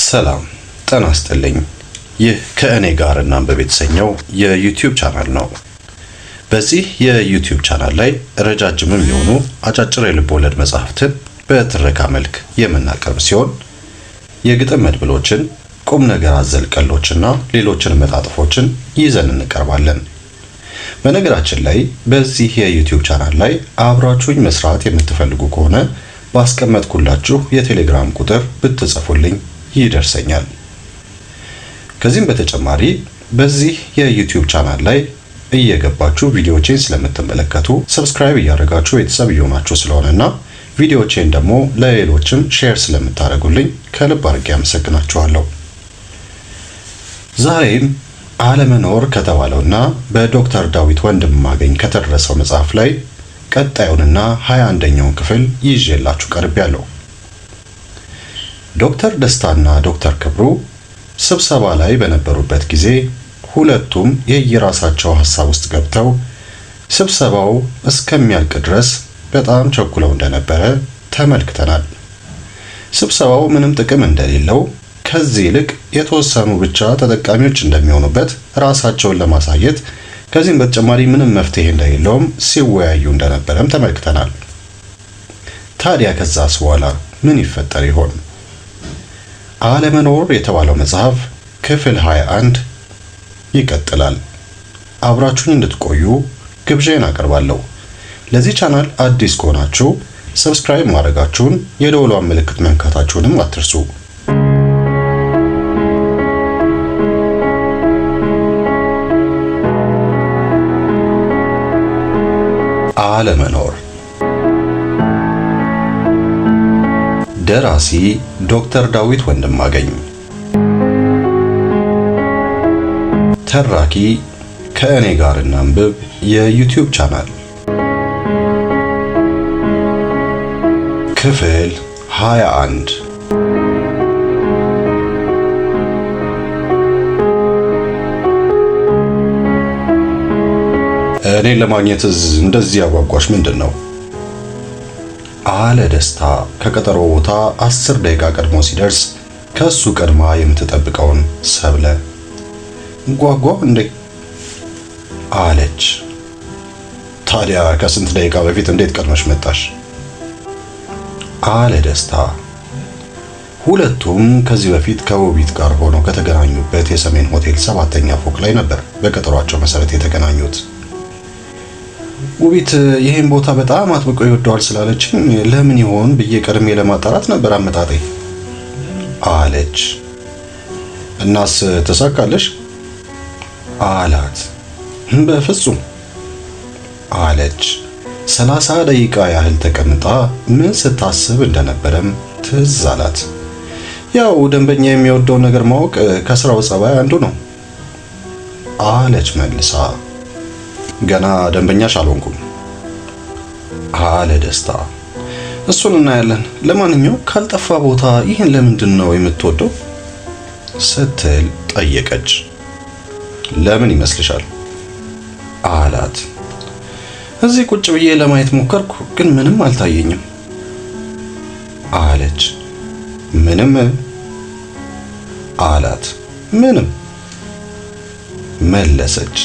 ሰላም ጤና ይስጥልኝ። ይህ ከእኔ ጋር እናንብብ የተሰኘው የዩቲዩብ ቻናል ነው። በዚህ የዩቲዩብ ቻናል ላይ ረጃጅምም የሆኑ አጫጭር የልብ ወለድ መጽሐፍትን በትረካ መልክ የምናቀርብ ሲሆን የግጥም መድብሎችን፣ ቁም ነገር አዘል ቀልዶችና ሌሎችን መጣጥፎችን ይዘን እንቀርባለን። በነገራችን ላይ በዚህ የዩቲዩብ ቻናል ላይ አብራችሁኝ መስራት የምትፈልጉ ከሆነ ባስቀመጥኩላችሁ የቴሌግራም ቁጥር ብትጽፉልኝ ይደርሰኛል። ከዚህም በተጨማሪ በዚህ የዩቲዩብ ቻናል ላይ እየገባችሁ ቪዲዮዎቼን ስለምትመለከቱ ሰብስክራይብ እያደረጋችሁ ቤተሰብ እየሆናችሁ ስለሆነና ቪዲዮዎቼን ደግሞ ለሌሎችም ሼር ስለምታደርጉልኝ ከልብ አድርጌ አመሰግናችኋለሁ። ዛሬም አለመኖር ከተባለውና በዶክተር ዳዊት ወንድማገኝ ከተደረሰው መጽሐፍ ላይ ቀጣዩንና ሃያ አንደኛውን ክፍል ይዤላችሁ ቀርቤያለሁ። ዶክተር ደስታና ዶክተር ክብሩ ስብሰባ ላይ በነበሩበት ጊዜ ሁለቱም የየራሳቸው ሐሳብ ውስጥ ገብተው ስብሰባው እስከሚያልቅ ድረስ በጣም ቸኩለው እንደነበረ ተመልክተናል። ስብሰባው ምንም ጥቅም እንደሌለው ከዚህ ይልቅ የተወሰኑ ብቻ ተጠቃሚዎች እንደሚሆኑበት ራሳቸውን ለማሳየት ከዚህም በተጨማሪ ምንም መፍትሄ እንደሌለውም ሲወያዩ እንደነበረም ተመልክተናል። ታዲያ ከዛስ በኋላ ምን ይፈጠር ይሆን? አለመኖር የተባለው መጽሐፍ ክፍል 21 ይቀጥላል። አብራችሁን እንድትቆዩ ግብዣን አቀርባለሁ። ለዚህ ቻናል አዲስ ከሆናችሁ ሰብስክራይብ ማድረጋችሁን፣ የደወሏን ምልክት መንካታችሁንም አትርሱ። አለመኖር ደራሲ ዶክተር ዳዊት ወንድማገኝ፣ ተራኪ ከእኔ ጋር እናንብብ የዩቲዩብ ቻናል ክፍል 21 እኔን ለማግኘት እንደዚህ ያጓጓሽ ምንድን ነው? አለ ደስታ ከቀጠሮ ቦታ አስር ደቂቃ ቀድሞ ሲደርስ ከሱ ቀድማ የምትጠብቀውን ሰብለ ጓጓ እንደ አለች። ታዲያ ከስንት ደቂቃ በፊት እንዴት ቀድመሽ መጣሽ? አለ ደስታ። ሁለቱም ከዚህ በፊት ከውቢት ጋር ሆነው ከተገናኙበት የሰሜን ሆቴል ሰባተኛ ፎቅ ላይ ነበር በቀጠሯቸው መሰረት የተገናኙት። ውቢት ይህን ቦታ በጣም አጥብቆ ይወደዋል ስላለችኝ ለምን ይሆን ብዬ ቀድሜ ለማጣራት ነበር አመጣጤ አለች። እናስ ተሳካለሽ አላት። በፍጹም አለች። ሰላሳ ደቂቃ ያህል ተቀምጣ ምን ስታስብ እንደነበረም ትዝ አላት። ያው ደንበኛ የሚወደውን ነገር ማወቅ ከስራው ጸባይ አንዱ ነው አለች መልሳ። ገና ደንበኛሽ አልሆንኩም አለ ደስታ። እሱን እናያለን። ለማንኛው ካልጠፋ ቦታ ይህን ለምንድን ነው የምትወደው ስትል ጠየቀች። ለምን ይመስልሻል አላት። እዚህ ቁጭ ብዬ ለማየት ሞከርኩ፣ ግን ምንም አልታየኝም አለች። ምንም አላት። ምንም መለሰች።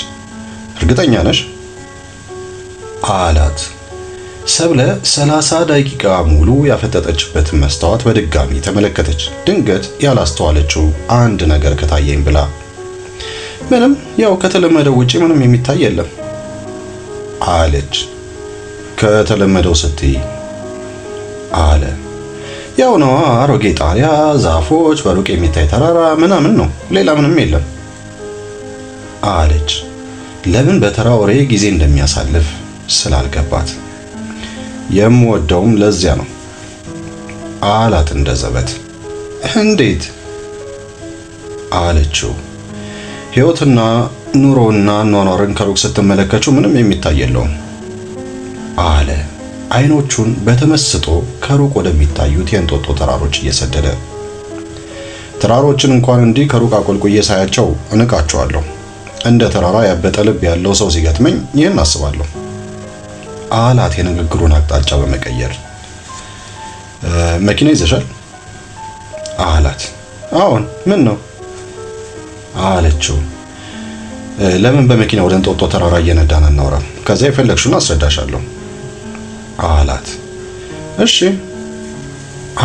እርግጠኛ ነሽ አላት። ሰብለ ሰላሳ ደቂቃ ሙሉ ያፈጠጠችበትን መስታወት በድጋሚ ተመለከተች። ድንገት ያላስተዋለችው አንድ ነገር ከታየኝ ብላ ምንም ያው ከተለመደው ውጪ ምንም የሚታይ የለም አለች። ከተለመደው ስትይ አለ። ያው ነው አሮጌ ጣሪያ፣ ዛፎች፣ በሩቅ የሚታይ ተራራ ምናምን ነው። ሌላ ምንም የለም አለች። ለምን በተራ ወሬ ጊዜ እንደሚያሳልፍ ስላልገባት የምወደውም ለዚያ ነው አላት እንደ ዘበት። እንዴት አለችው። ሕይወትና ኑሮና ኗኗርን ከሩቅ ስትመለከቱ ምንም የሚታይ የለውም አለ አይኖቹን በተመስጦ ከሩቅ ወደሚታዩት የእንጦጦ ተራሮች እየሰደደ። ተራሮችን እንኳን እንዲህ ከሩቅ አቆልቁዬ ሳያቸው እንቃቸዋለሁ። እንደ ተራራ ያበጠ ልብ ያለው ሰው ሲገጥመኝ ይህን አስባለሁ አላት የንግግሩን አቅጣጫ በመቀየር መኪና ይዘሻል አላት አሁን ምን ነው አለችው ለምን በመኪና ወደ እንጦጦ ተራራ እየነዳን አናወራም? ከዛ የፈለግሽውን አስረዳሻለሁ አላት። እሺ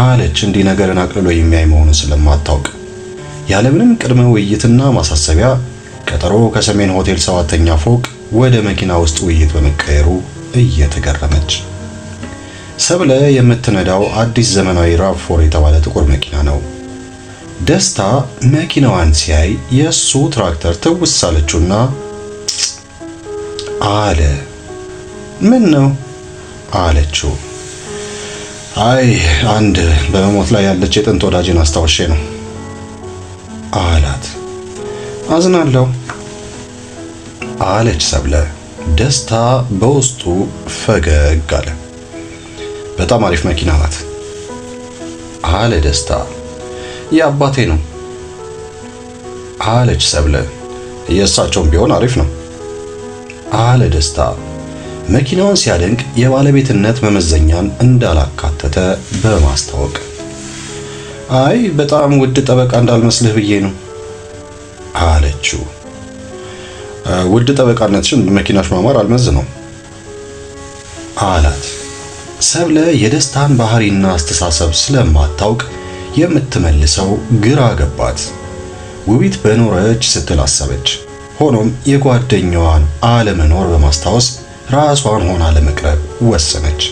አለች። እንዲህ ነገርን አቅልሎ የሚያይ መሆኑን ስለማታውቅ ያለምንም ቅድመ ውይይትና ማሳሰቢያ ቀጠሮ ከሰሜን ሆቴል ሰባተኛ ፎቅ ወደ መኪና ውስጥ ውይይት በመቀየሩ እየተገረመች ሰብለ የምትነዳው አዲስ ዘመናዊ ራፎር የተባለ ጥቁር መኪና ነው። ደስታ መኪናዋን ሲያይ የእሱ ትራክተር ትውስ አለችውና አለ። ምን ነው አለችው። አይ አንድ በመሞት ላይ ያለች የጥንት ወዳጅን አስታውሼ ነው አላት። አዝናለሁ አለች ሰብለ። ደስታ በውስጡ ፈገግ አለ። በጣም አሪፍ መኪና ናት አለ ደስታ። የአባቴ ነው አለች ሰብለ። የእሳቸውም ቢሆን አሪፍ ነው አለ ደስታ። መኪናውን ሲያደንቅ የባለቤትነት መመዘኛን እንዳላካተተ በማስታወቅ አይ በጣም ውድ ጠበቃ እንዳልመስልህ ብዬ ነው አለችው። ውድ ጠበቃነትሽን መኪናሽ ማማር አልመዝ ነው አላት። ሰብለ የደስታን ባህሪና አስተሳሰብ ስለማታውቅ የምትመልሰው ግራ ገባት። ውቢት በኖረች ስትል አሰበች። ሆኖም የጓደኛዋን አለመኖር በማስታወስ ራሷን ሆና ለመቅረብ ወሰነች።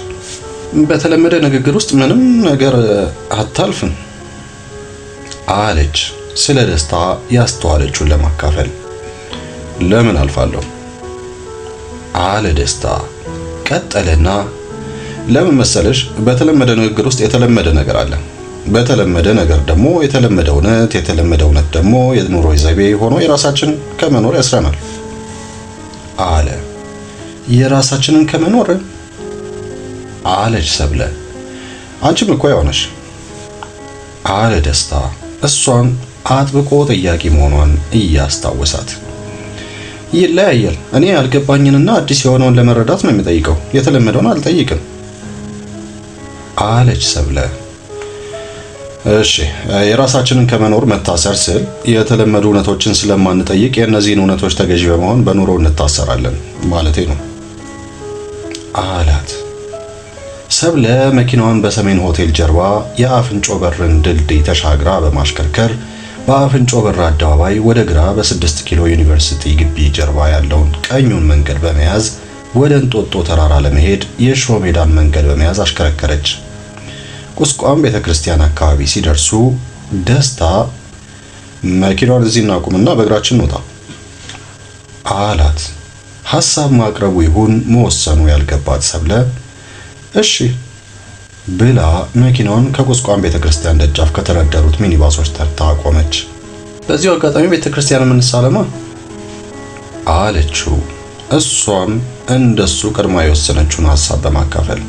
በተለመደ ንግግር ውስጥ ምንም ነገር አታልፍም አለች። ስለ ደስታ ያስተዋለችውን ለማካፈል ለምን አልፋለሁ አለ ደስታ። ቀጠለና ለምን መሰለሽ በተለመደ ንግግር ውስጥ የተለመደ ነገር አለ። በተለመደ ነገር ደግሞ የተለመደ እውነት፣ የተለመደ እውነት ደግሞ የኑሮ ዘይቤ ሆኖ የራሳችን ከመኖር ያስረናል አለ። የራሳችንን ከመኖር አለች ሰብለ። አንቺም እኮ ያው አለ ደስታ እሷን አጥብቆ ጥያቄ መሆኗን እያስታወሳት ይለያያል። እኔ ያልገባኝንና አዲስ የሆነውን ለመረዳት ነው የሚጠይቀው፣ የተለመደውን አልጠይቅም አለች ሰብለ። እሺ የራሳችንን ከመኖር መታሰር ስል የተለመዱ እውነቶችን ስለማንጠይቅ የእነዚህን እውነቶች ተገዢ በመሆን በኑሮ እንታሰራለን ማለቴ ነው አላት። ሰብለ መኪናዋን በሰሜን ሆቴል ጀርባ የአፍንጮ በርን ድልድይ ተሻግራ በማሽከርከር በአፍንጮ በር አደባባይ ወደ ግራ በ በ6 ኪሎ ዩኒቨርሲቲ ግቢ ጀርባ ያለውን ቀኙን መንገድ በመያዝ ወደ እንጦጦ ተራራ ለመሄድ የሾህ ሜዳን መንገድ በመያዝ አሽከረከረች። ቁስቋም ቤተክርስቲያን አካባቢ ሲደርሱ ደስታ መኪናዋን እዚህ እናቁምና በእግራችን እንውጣ አላት። ሐሳብ ማቅረቡ ይሁን መወሰኑ ያልገባት ሰብለ እሺ ብላ መኪናውን ከቁስቋም ቤተክርስቲያን ደጃፍ ከተደረደሩት ሚኒባሶች ተርታ ቆመች። በዚሁ አጋጣሚ ቤተክርስቲያን ምንሳለማ አለችው። እሷም እንደሱ ቀድማ የወሰነችውን ሀሳብ በማካፈል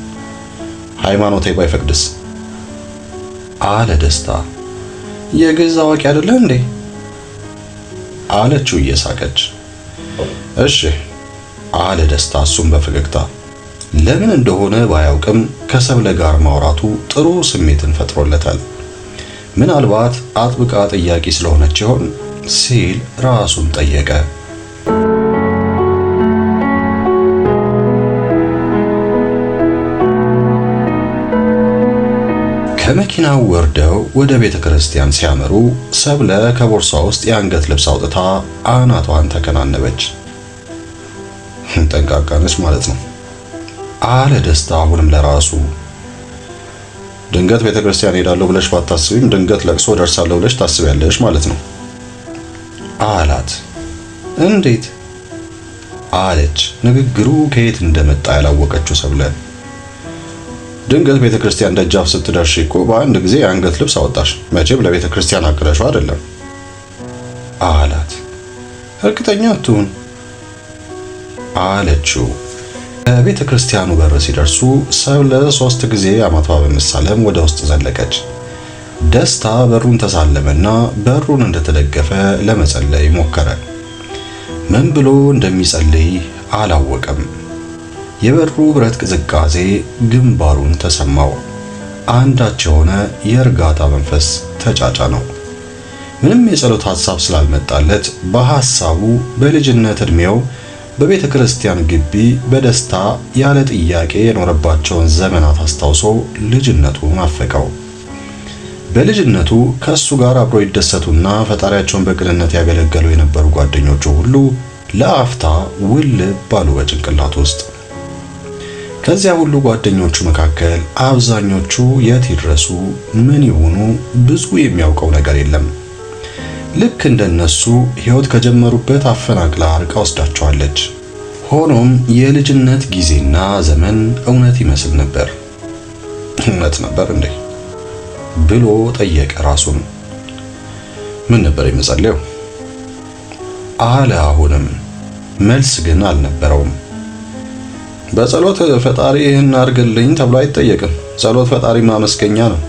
ሃይማኖቴ ባይፈቅድስ አለ ደስታ። የግዕዝ አዋቂ አይደለ እንዴ አለችው እየሳቀች። እሺ አለ ደስታ እሱም በፈገግታ ለምን እንደሆነ ባያውቅም ከሰብለ ጋር ማውራቱ ጥሩ ስሜትን ፈጥሮለታል። ምናልባት አጥብቃ ጥያቄ ስለሆነች ይሆን ሲል ራሱን ጠየቀ። ከመኪናው ወርደው ወደ ቤተ ክርስቲያን ሲያመሩ ሰብለ ከቦርሳ ውስጥ የአንገት ልብስ አውጥታ አናቷን ተከናነበች። ጠንቃቃነች ማለት ነው። አለ ደስታ አሁንም ለራሱ ድንገት ቤተክርስቲያን ሄዳለው ሄዳለሁ ብለሽ ባታስቢም ድንገት ለቅሶ ደርሳለሁ ብለሽ ታስቢያለሽ ማለት ነው አላት። እንዴት አለች። ንግግሩ ከየት እንደመጣ ያላወቀችው ሰብለ ድንገት ቤተ ክርስቲያን ደጃፍ ስትደርሽ እኮ በአንድ ጊዜ የአንገት ልብስ አወጣሽ። መቼም ለቤተ ክርስቲያን አቅደሽው አይደለም አላት። እርግጠኛ አትሁን አለችው። ከቤተ ክርስቲያኑ በር ሲደርሱ ሰብለ ሶስት ጊዜ አማትባ በመሳለም ወደ ውስጥ ዘለቀች። ደስታ በሩን ተሳለመና በሩን እንደተደገፈ ለመጸለይ ሞከረ። ምን ብሎ እንደሚጸልይ አላወቀም። የበሩ ብረት ቅዝቃዜ ግንባሩን ተሰማው። አንዳች የሆነ የእርጋታ መንፈስ ተጫጫ ነው። ምንም የጸሎት ሐሳብ ስላልመጣለት በሐሳቡ በልጅነት ዕድሜው በቤተ ክርስቲያን ግቢ በደስታ ያለ ጥያቄ የኖረባቸውን ዘመናት አስታውሶ ልጅነቱ አፈቀው? በልጅነቱ ከእሱ ጋር አብሮ ይደሰቱና ፈጣሪያቸውን በቅንነት ያገለገሉ የነበሩ ጓደኞቹ ሁሉ ለአፍታ ውልብ ባሉ በጭንቅላት ውስጥ። ከዚያ ሁሉ ጓደኞቹ መካከል አብዛኞቹ የት ይድረሱ፣ ምን ይሆኑ፣ ብዙ የሚያውቀው ነገር የለም። ልክ እንደነሱ ህይወት ከጀመሩበት አፈናቅላ አርቃ ወስዳቸዋለች። ሆኖም የልጅነት ጊዜና ዘመን እውነት ይመስል ነበር። እውነት ነበር እንዴ ብሎ ጠየቀ ራሱን። ምን ነበር የምጸልየው አለ አሁንም። መልስ ግን አልነበረውም። በጸሎት ፈጣሪ ይህን አድርግልኝ ተብሎ አይጠየቅም። ጸሎት ፈጣሪ ማመስገኛ ነው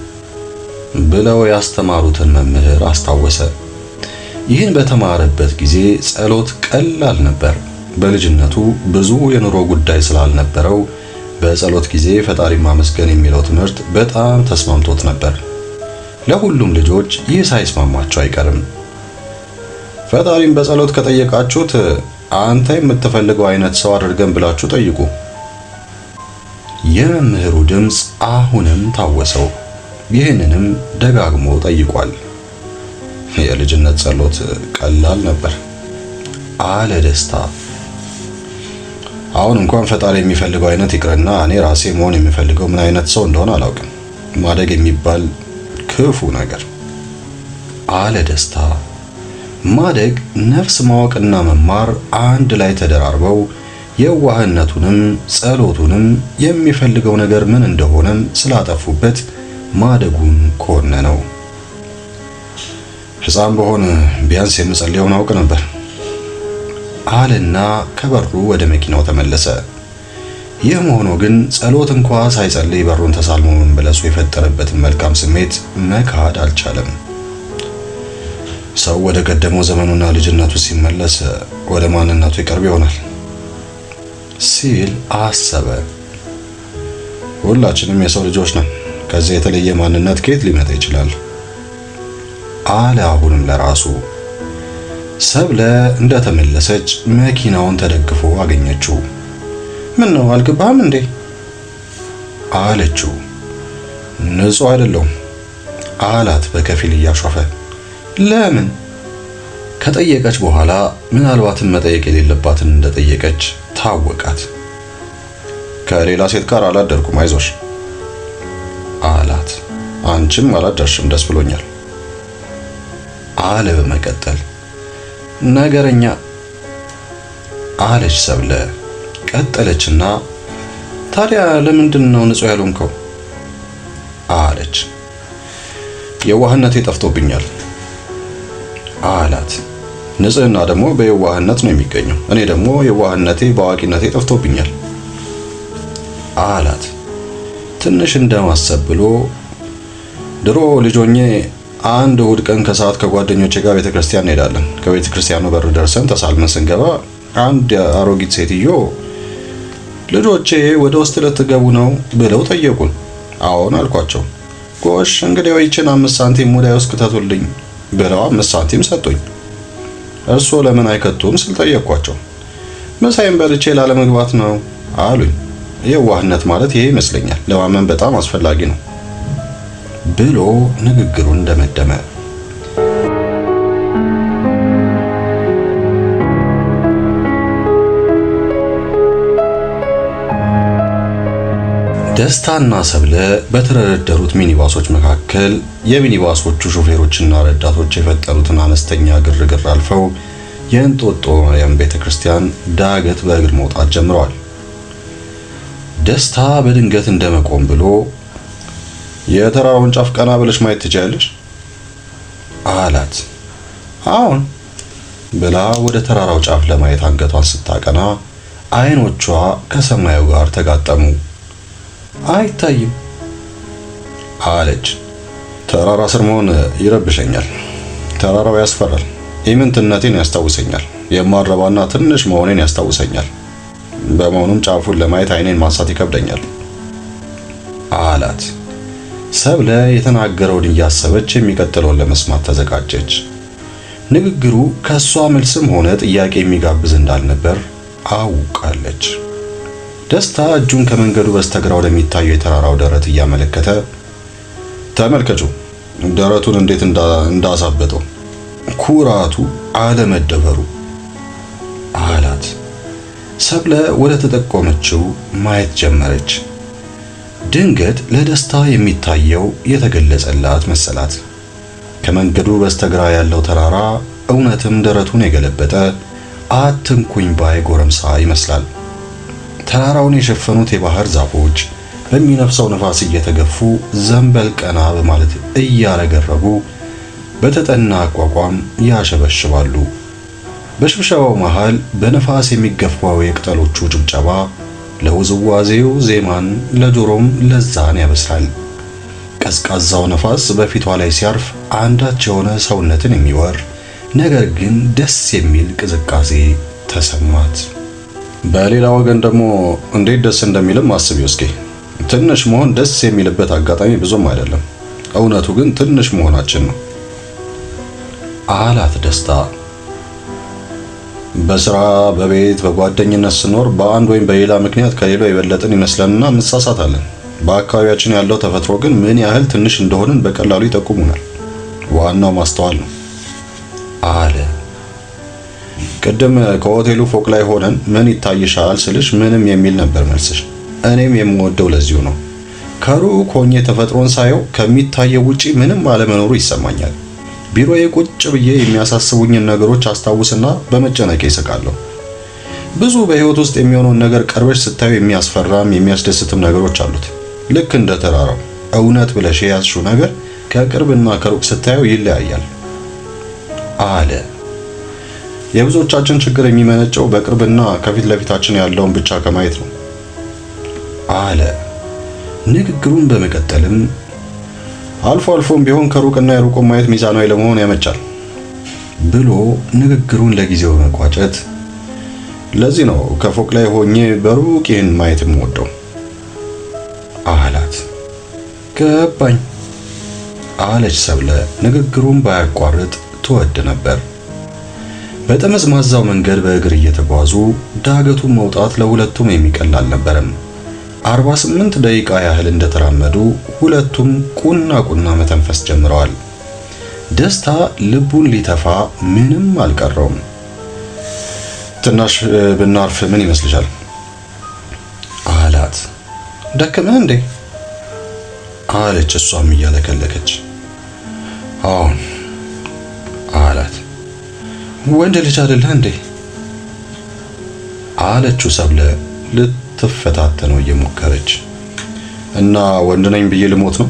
ብለው ያስተማሩትን መምህር አስታወሰ። ይህን በተማረበት ጊዜ ጸሎት ቀላል ነበር። በልጅነቱ ብዙ የኑሮ ጉዳይ ስላልነበረው በጸሎት ጊዜ ፈጣሪ ማመስገን የሚለው ትምህርት በጣም ተስማምቶት ነበር። ለሁሉም ልጆች ይህ ሳይስማማቸው አይቀርም። ፈጣሪን በጸሎት ከጠየቃችሁት አንተ የምትፈልገው አይነት ሰው አድርገን ብላችሁ ጠይቁ። የመምህሩ ድምፅ አሁንም ታወሰው። ይህንንም ደጋግሞ ጠይቋል። የልጅነት ጸሎት ቀላል ነበር፣ አለ ደስታ። አሁን እንኳን ፈጣሪ የሚፈልገው አይነት ይቅርና እኔ ራሴ መሆን የሚፈልገው ምን አይነት ሰው እንደሆነ አላውቅም። ማደግ የሚባል ክፉ ነገር፣ አለ ደስታ። ማደግ ነፍስ ማወቅና መማር አንድ ላይ ተደራርበው የዋህነቱንም ጸሎቱንም የሚፈልገው ነገር ምን እንደሆነም ስላጠፉበት ማደጉን ኮነ ነው። ህፃን በሆነ ቢያንስ የምጸልየውን አውቅ ነበር አለና ከበሩ ወደ መኪናው ተመለሰ። ይህም ሆኖ ግን ጸሎት እንኳ ሳይጸልይ በሩን ተሳልሞ መመለሱ የፈጠረበትን መልካም ስሜት መካድ አልቻለም። ሰው ወደ ቀደመው ዘመኑና ልጅነቱ ሲመለስ ወደ ማንነቱ ይቀርብ ይሆናል ሲል አሰበ። ሁላችንም የሰው ልጆች ነን። ከዚህ የተለየ ማንነት ከየት ሊመጣ ይችላል? አለ አሁንም ለራሱ ሰብለ እንደተመለሰች መኪናውን ተደግፎ አገኘችው። ምን ነው አልገባህም እንዴ አለችው። ንጹህ አይደለሁም አላት በከፊል እያሾፈ። ለምን ከጠየቀች በኋላ ምናልባትም መጠየቅ የሌለባትን እንደጠየቀች ታወቃት። ከሌላ ሴት ጋር አላደርኩም አይዞሽ አላት። አንቺም አላደርሽም ደስ ብሎኛል አለ በመቀጠል ነገረኛ አለች ሰብለ ቀጠለችና ታዲያ ለምንድን ነው ንጹህ ያልሆንከው አለች የዋህነቴ ጠፍቶብኛል አላት ንጽህና ደግሞ በየዋህነት ነው የሚገኘው እኔ ደግሞ የዋህነቴ በአዋቂነቴ ጠፍቶብኛል አላት ትንሽ እንደማሰብ ብሎ ድሮ ልጆኜ አንድ እሁድ ቀን ከሰዓት ከጓደኞቼ ጋር ቤተክርስቲያን እንሄዳለን። ከቤተክርስቲያኑ በር ደርሰን ተሳልመን ስንገባ አንድ አሮጊት ሴትዮ ልጆቼ ወደ ውስጥ ልትገቡ ነው ብለው ጠየቁን። አዎን አልኳቸው። ጎሽ እንግዲህ ይችን አምስት ሳንቲም ሙዳይ ውስጥ ክተቱልኝ ብለው አምስት ሳንቲም ሰጡኝ። እርስዎ ለምን አይከቱም ስል ጠየቅኳቸው። ምሳዬን በልቼ ላለመግባት ነው አሉኝ። የዋህነት ማለት ይሄ ይመስለኛል። ለማመን በጣም አስፈላጊ ነው። ብሎ ንግግሩን ደመደመ። ደስታና ሰብለ በተደረደሩት ሚኒባሶች መካከል የሚኒባሶቹ ሾፌሮችና ረዳቶች የፈጠሩትን አነስተኛ ግርግር አልፈው የእንጦጦ ማርያም ቤተክርስቲያን ዳገት በእግር መውጣት ጀምረዋል። ደስታ በድንገት እንደመቆም ብሎ የተራራውን ጫፍ ቀና ብለሽ ማየት ትችያለሽ አላት። አሁን ብላ ወደ ተራራው ጫፍ ለማየት አንገቷን ስታቀና አይኖቿ ከሰማዩ ጋር ተጋጠሙ። አይታይም አለች። ተራራ ስር መሆን ይረብሸኛል። ተራራው ያስፈራል። ኢምንትነቴን ያስታውሰኛል። የማረባና ትንሽ መሆኔን ያስታውሰኛል። በመሆኑም ጫፉን ለማየት አይኔን ማንሳት ይከብደኛል አላት። ሰብለ የተናገረውን እያሰበች የሚቀጥለውን ለመስማት ተዘጋጀች። ንግግሩ ከእሷ መልስም ሆነ ጥያቄ የሚጋብዝ እንዳልነበር አውቃለች። ደስታ እጁን ከመንገዱ በስተግራ ወደሚታየው የተራራው ደረት እያመለከተ ተመልከቱ፣ ደረቱን እንዴት እንዳሳበጠው ኩራቱ አለመደበሩ አላት። ሰብለ ወደ ተጠቆመችው ማየት ጀመረች። ድንገት ለደስታ የሚታየው የተገለጸላት መሰላት። ከመንገዱ በስተግራ ያለው ተራራ እውነትም ደረቱን የገለበጠ አትንኩኝ ባይ ጎረምሳ ይመስላል። ተራራውን የሸፈኑት የባህር ዛፎች በሚነፍሰው ንፋስ እየተገፉ ዘንበል ቀና በማለት እያረገረጉ በተጠና አቋቋም ያሸበሽባሉ። በሽብሸባው መሃል በንፋስ የሚገፋው የቅጠሎቹ ጭብጨባ ለውዝዋዜው ዜማን ለጆሮም ለዛን ያበስራል። ቀዝቃዛው ነፋስ በፊቷ ላይ ሲያርፍ አንዳች የሆነ ሰውነትን የሚወር ነገር ግን ደስ የሚል ቅዝቃዜ ተሰማት። በሌላ ወገን ደግሞ እንዴት ደስ እንደሚልም አስቢው እስኪ። ትንሽ መሆን ደስ የሚልበት አጋጣሚ ብዙም አይደለም። እውነቱ ግን ትንሽ መሆናችን ነው አላት ደስታ በስራ በቤት በጓደኝነት ስኖር በአንድ ወይም በሌላ ምክንያት ከሌላው የበለጠን ይመስለንና እንሳሳታለን። በአካባቢያችን ያለው ተፈጥሮ ግን ምን ያህል ትንሽ እንደሆንን በቀላሉ ይጠቁሙናል። ዋናው ማስተዋል ነው አለ። ቅድም ከሆቴሉ ፎቅ ላይ ሆነን ምን ይታይሻል ስልሽ ምንም የሚል ነበር መልስሽ። እኔም የምወደው ለዚሁ ነው። ከሩቅ ሆኜ ተፈጥሮን ሳየው ከሚታየው ውጪ ምንም አለመኖሩ ይሰማኛል። ቢሮዬ ቁጭ ብዬ የሚያሳስቡኝን ነገሮች አስታውስና በመጨነቅ ይስቃለሁ። ብዙ በህይወት ውስጥ የሚሆነውን ነገር ቀርበሽ ስታዩ የሚያስፈራም የሚያስደስትም ነገሮች አሉት። ልክ እንደ ተራራው እውነት ብለሽ የያዝሽው ነገር ከቅርብና ከሩቅ ስታየው ይለያያል አለ። የብዙዎቻችን ችግር የሚመነጨው በቅርብና ከፊት ለፊታችን ያለውን ብቻ ከማየት ነው አለ። ንግግሩን በመቀጠልም አልፎ አልፎም ቢሆን ከሩቅና የሩቁን ማየት ሚዛናዊ ለመሆን ያመቻል ብሎ ንግግሩን ለጊዜው መቋጨት። ለዚህ ነው ከፎቅ ላይ ሆኜ በሩቅ ይህን ማየት የምወደው አላት። ገባኝ አለች ሰብለ። ንግግሩን ባያቋርጥ ትወድ ነበር። በጠመዝማዛው መንገድ በእግር እየተጓዙ ዳገቱን መውጣት ለሁለቱም የሚቀል አልነበረም። 48 ደቂቃ ያህል እንደተራመዱ ሁለቱም ቁና ቁና መተንፈስ ጀምረዋል። ደስታ ልቡን ሊተፋ ምንም አልቀረውም። ትናሽ ብናርፍ ምን ይመስልሻል? አላት። ደከመህ እንዴ? አለች እሷም እያለከለከች። አሁን አላት። ወንድ ልጅ አይደለህ እንዴ? አለችው ሰብለ ልትፈታተነው እየሞከረች እና ወንድ ነኝ ብዬ ልሞት ነው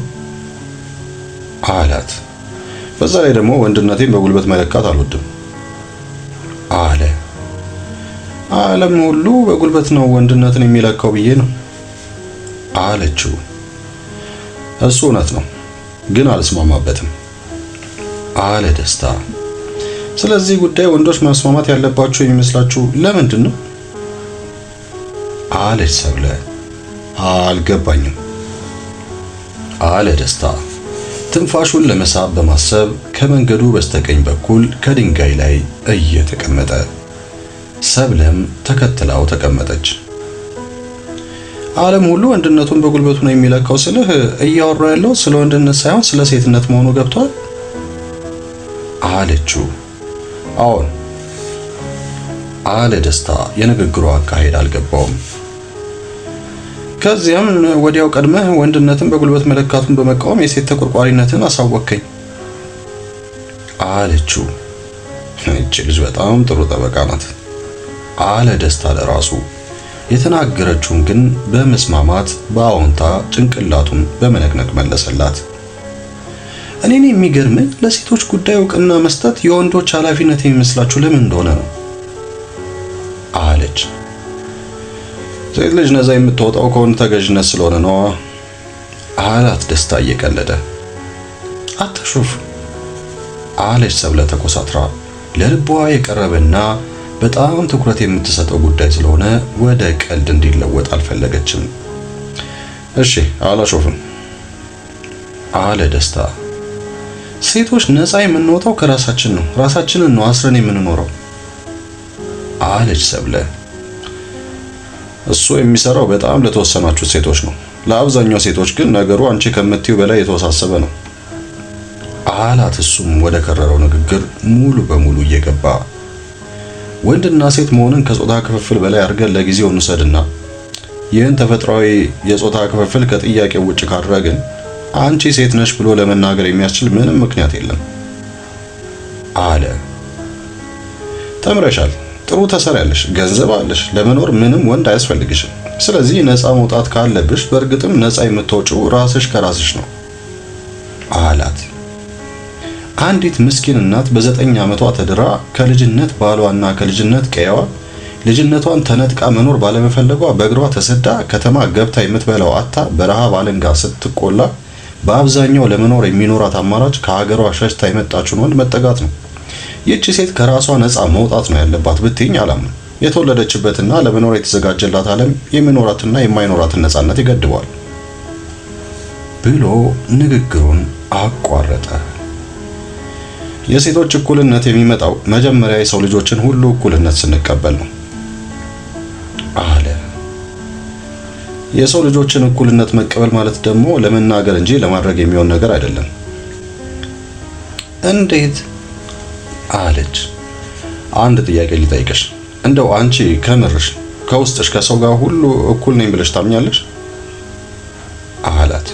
አላት። በዛ ላይ ደግሞ ወንድነቴን በጉልበት መለካት አልወድም አለ። ዓለም ሁሉ በጉልበት ነው ወንድነትን የሚለካው ብዬ ነው አለችው። እሱ እውነት ነው፣ ግን አልስማማበትም አለ ደስታ። ስለዚህ ጉዳይ ወንዶች መስማማት ያለባቸው የሚመስላችሁ ለምንድን ነው? አለች ሰብለ። አልገባኝም አለ ደስታ ትንፋሹን ለመሳብ በማሰብ ከመንገዱ በስተቀኝ በኩል ከድንጋይ ላይ እየተቀመጠ ሰብለም ተከትላው ተቀመጠች። ዓለም ሁሉ ወንድነቱን በጉልበቱ ነው የሚለካው ስልህ እያወራ ያለው ስለ ወንድነት ሳይሆን ስለ ሴትነት መሆኑ ገብቷል አለችው። አዎን አለ ደስታ። የንግግሩ አካሄድ አልገባውም። ከዚያም ወዲያው ቀድመህ ወንድነትን በጉልበት መለካቱን በመቃወም የሴት ተቆርቋሪነትን አሳወከኝ አለችው። እች ልጅ በጣም ጥሩ ጠበቃ ናት አለ ደስታ ለራሱ። የተናገረችውን ግን በመስማማት በአዎንታ ጭንቅላቱን በመነቅነቅ መለሰላት። እኔን የሚገርመኝ ለሴቶች ጉዳይ እውቅና መስጠት የወንዶች ኃላፊነት የሚመስላችሁ ለምን እንደሆነ ነው። ሴት ልጅ ነዛ የምትወጣው ከሆነ ተገዥነት ስለሆነ ነው አላት ደስታ እየቀለደ። አትሹፍ አለች ሰብለ ተኮሳትራ። ለልቧ የቀረበና በጣም ትኩረት የምትሰጠው ጉዳይ ስለሆነ ወደ ቀልድ እንዲለወጥ አልፈለገችም። እሺ አላሾፍም አለ ደስታ። ሴቶች ነፃ የምንወጣው ከራሳችን ነው። ራሳችንን ነው አስረን የምንኖረው አለች ሰብለ። እሱ የሚሰራው በጣም ለተወሰናችሁ ሴቶች ነው። ለአብዛኛው ሴቶች ግን ነገሩ አንቺ ከምትዩ በላይ የተወሳሰበ ነው አላት። እሱም ወደ ከረረው ንግግር ሙሉ በሙሉ እየገባ ወንድና ሴት መሆንን ከጾታ ክፍፍል በላይ አድርገን ለጊዜው እንውሰድና ይህን ተፈጥሯዊ የጾታ ክፍፍል ከጥያቄው ውጭ ካደረግን አንቺ ሴት ነሽ ብሎ ለመናገር የሚያስችል ምንም ምክንያት የለም አለ። ተምረሻል ጥሩ ተሰሪያለሽ፣ ገንዘብ አለሽ፣ ለመኖር ምንም ወንድ አያስፈልግሽም። ስለዚህ ነፃ መውጣት ካለብሽ በእርግጥም ነፃ የምትወጪው ራስሽ ከራስሽ ነው አላት። አንዲት ምስኪን እናት በዘጠኝ ዓመቷ ተድራ ከልጅነት ባሏና ከልጅነት ቀየዋ ልጅነቷን ተነጥቃ መኖር ባለመፈለጓ በእግሯ ተሰዳ ከተማ ገብታ የምትበላው አታ በረሃብ አለንጋ ስትቆላ በአብዛኛው ለመኖር የሚኖራት አማራጭ ከሀገሯ ሸሽታ የመጣችውን ወንድ መጠጋት ነው። ይህቺ ሴት ከራሷ ነፃ መውጣት ነው ያለባት ብትኝ አላምንም። የተወለደችበትና ለመኖር የተዘጋጀላት ዓለም የሚኖራትና የማይኖራትን ነፃነት ይገድበዋል ብሎ ንግግሩን አቋረጠ። የሴቶች እኩልነት የሚመጣው መጀመሪያ የሰው ልጆችን ሁሉ እኩልነት ስንቀበል ነው አለ። የሰው ልጆችን እኩልነት መቀበል ማለት ደግሞ ለመናገር እንጂ ለማድረግ የሚሆን ነገር አይደለም። እንዴት አለች። አንድ ጥያቄ ልጠይቅሽ፣ እንደው አንቺ ከምርሽ ከውስጥሽ ከሰው ጋር ሁሉ እኩል ነኝ ብለሽ ታምኛለሽ? አላት።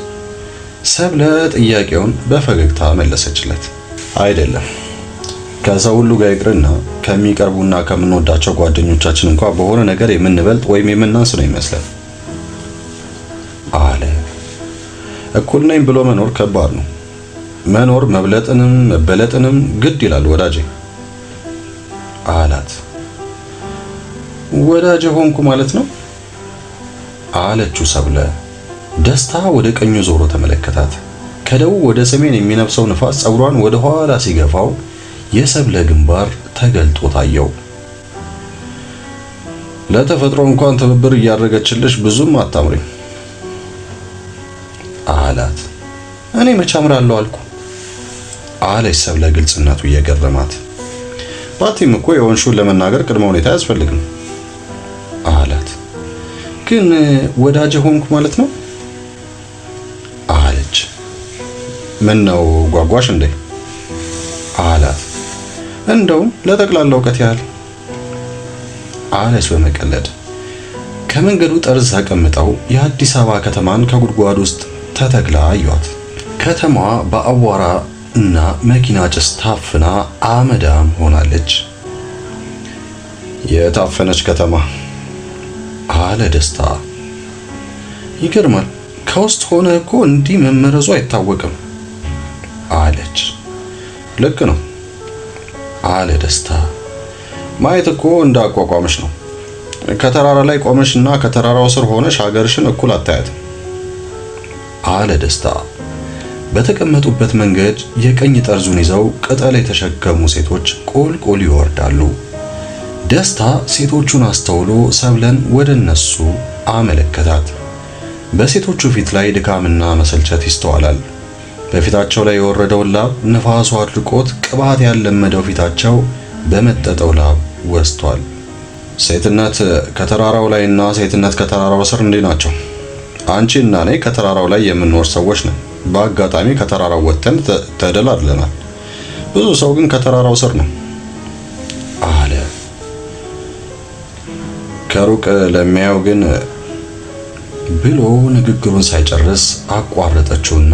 ሰብለ ጥያቄውን በፈገግታ መለሰችለት። አይደለም ከሰው ሁሉ ጋር ይቅርና ከሚቀርቡና ከምንወዳቸው ጓደኞቻችን እንኳን በሆነ ነገር የምንበልጥ ወይም የምናንስ ነው ይመስላል አለ። እኩል ነኝ ብሎ መኖር ከባድ ነው። መኖር መብለጥንም መበለጥንም ግድ ይላል ወዳጄ አላት። ወዳጄ ሆንኩ ማለት ነው አለችው ሰብለ። ደስታ ወደ ቀኙ ዞሮ ተመለከታት። ከደቡብ ወደ ሰሜን የሚነፍሰው ንፋስ ጸጉሯን ወደ ኋላ ሲገፋው የሰብለ ግንባር ተገልጦ ታየው። ለተፈጥሮ እንኳን ትብብር እያደረገችልሽ ብዙም አታምሪ አላት። እኔ መቻምራለሁ አልኩ። አለች ሰብለ ግልጽነቱ እየገረማት። ባቲም እኮ የሆንሽውን ለመናገር ቅድመ ሁኔታ አያስፈልግም አላት። ግን ወዳጅ ሆንኩ ማለት ነው አለች። ምን ነው ጓጓሽ እንዴ አላት። እንደውም ለጠቅላላ እውቀት ያህል አለች በመቀለድ ከመንገዱ ጠርዝ ተቀምጠው የአዲስ አበባ ከተማን ከጉድጓድ ውስጥ ተተክላ አዩት። ከተማዋ በአቧራ እና መኪና ጭስ ታፍና አመዳም ሆናለች። የታፈነች ከተማ አለ ደስታ። ይገርማል፣ ከውስጥ ሆነ እኮ እንዲህ መመረዙ አይታወቅም አለች። ልክ ነው አለ ደስታ። ማየት እኮ እንዳቋቋመሽ ነው። ከተራራ ላይ ቆመሽ እና ከተራራው ስር ሆነሽ ሀገርሽን እኩል አታያትም አለ ደስታ። በተቀመጡበት መንገድ የቀኝ ጠርዙን ይዘው ቅጠል የተሸከሙ ሴቶች ቆልቆል ይወርዳሉ። ደስታ ሴቶቹን አስተውሎ ሰብለን ወደ እነሱ አመለከታት። በሴቶቹ ፊት ላይ ድካምና መሰልቸት ይስተዋላል። በፊታቸው ላይ የወረደውን ላብ ነፋሱ አድርቆት ቅባት ያለመደው ፊታቸው በመጠጠው ላብ ወስቷል። ሴትነት ከተራራው ላይና ሴትነት ከተራራው ስር እንዲህ ናቸው። አንቺ እና እኔ ከተራራው ላይ የምንኖር ሰዎች ነን። በአጋጣሚ ከተራራው ወጥተን ተደላድለናል። ብዙ ሰው ግን ከተራራው ስር ነው አለ። ከሩቅ ለሚያየው ግን ብሎ ንግግሩን ሳይጨርስ አቋረጠችውና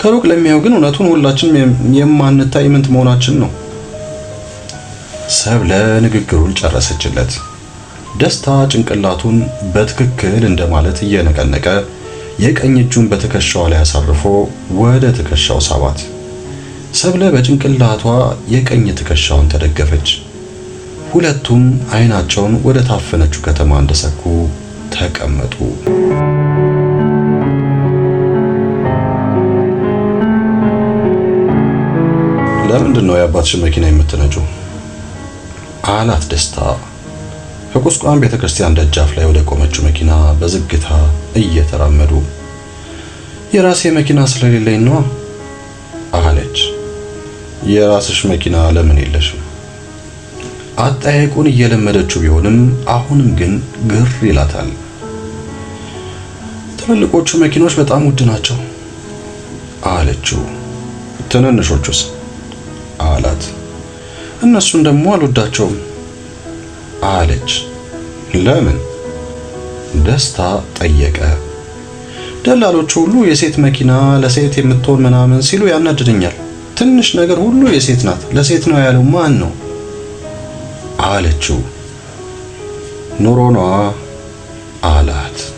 ከሩቅ ለሚያየው ግን እውነቱን ሁላችንም የማንታይ ምንት መሆናችን ነው። ሰብለ ንግግሩን ጨረሰችለት። ደስታ ጭንቅላቱን በትክክል እንደማለት እየነቀነቀ የቀኝ እጁን በትከሻዋ ላይ አሳርፎ ወደ ትከሻው ሳባት። ሰብለ በጭንቅላቷ የቀኝ ትከሻውን ተደገፈች። ሁለቱም አይናቸውን ወደ ታፈነችው ከተማ እንደሰኩ ተቀመጡ። ለምንድን ነው የአባትሽን መኪና የምትነጂው? አላት ደስታ። ከቁስቋም ቤተክርስቲያን ደጃፍ ላይ ወደ ቆመችው መኪና በዝግታ እየተራመዱ የራሴ መኪና ስለሌለኝ ነው አለች። የራስሽ መኪና ለምን የለሽም? አጠያየቁን እየለመደችው ቢሆንም አሁንም ግን ግር ይላታል። ትልልቆቹ መኪኖች በጣም ውድ ናቸው አለችው። ትንንሾቹስ? አላት። እነሱን ደግሞ አልወዳቸውም አለች። ለምን? ደስታ ጠየቀ። ደላሎቹ ሁሉ የሴት መኪና ለሴት የምትሆን ምናምን ሲሉ ያናድደኛል። ትንሽ ነገር ሁሉ የሴት ናት፣ ለሴት ነው ያለው ማን ነው አለችው። ኑሮኗ አላት።